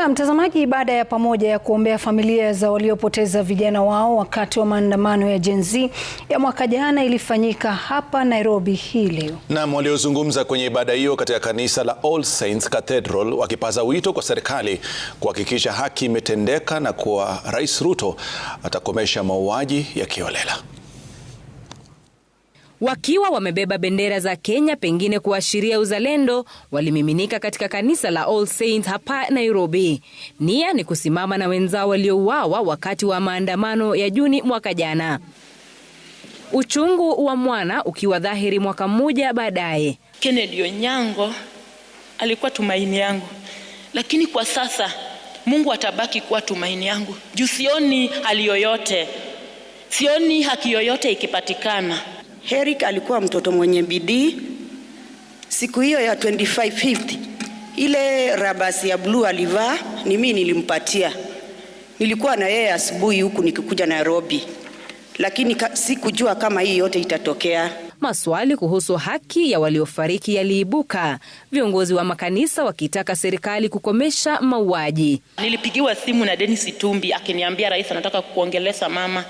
Na mtazamaji, baada ya pamoja ya kuombea familia za waliopoteza vijana wao wakati wa maandamano ya Gen Z ya mwaka jana ilifanyika hapa Nairobi hii leo. Naam, waliozungumza kwenye ibada hiyo katika kanisa la All Saints Cathedral wakipaza wito kwa serikali kuhakikisha haki imetendeka na kuwa Rais Ruto atakomesha mauaji ya kiolela wakiwa wamebeba bendera za Kenya, pengine kuashiria uzalendo, walimiminika katika kanisa la All Saints hapa Nairobi. Nia ni kusimama na wenzao waliouawa wakati wa maandamano ya Juni mwaka jana, uchungu wa mwana ukiwa dhahiri mwaka mmoja baadaye. Kennedy Onyango alikuwa tumaini yangu, lakini kwa sasa Mungu atabaki kuwa tumaini yangu juu sioni hali yoyote, sioni haki yoyote ikipatikana. Herrick alikuwa mtoto mwenye bidii. Siku hiyo ya 2550 ile rabasi ya bluu alivaa ni mimi nilimpatia. Nilikuwa na yeye asubuhi huku nikikuja Nairobi, lakini sikujua kama hii yote itatokea. Maswali kuhusu haki ya waliofariki yaliibuka, viongozi wa makanisa wakitaka serikali kukomesha mauaji. Nilipigiwa simu na Dennis Itumbi akiniambia rais anataka kukuongeleza mama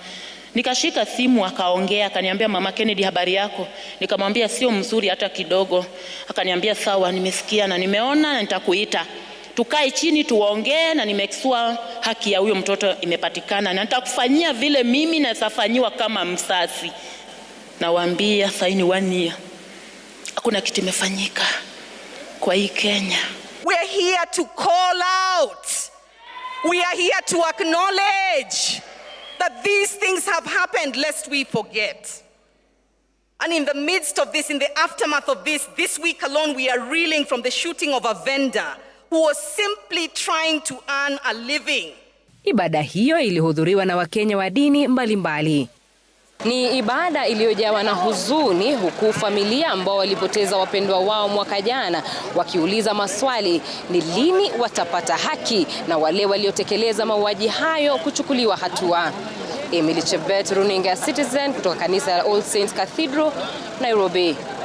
Nikashika simu akaongea, akaniambia mama Kennedy, habari yako? Nikamwambia sio mzuri hata kidogo. Akaniambia sawa, nimesikia na nimeona na nitakuita tukae chini tuongee, na nimesua haki ya huyo mtoto imepatikana, na nitakufanyia vile mimi nasafanyiwa kama msasi. Nawaambia saini wania, hakuna kitu imefanyika kwa hii Kenya. We are here to call out, we are here to acknowledge that these things have happened, lest we forget. And in the midst of this, in the aftermath of this, this week alone, we are reeling from the shooting of a vendor who was simply trying to earn a living. Ibada hiyo ilihudhuriwa na Wakenya wa dini mbalimbali mbali. Ni ibada iliyojawa na huzuni huku familia ambao walipoteza wapendwa wao mwaka jana wakiuliza maswali ni lini watapata haki na wale waliotekeleza mauaji hayo kuchukuliwa hatua. Emily Chebet, Runinga Citizen kutoka kanisa la All Saints Cathedral, Nairobi.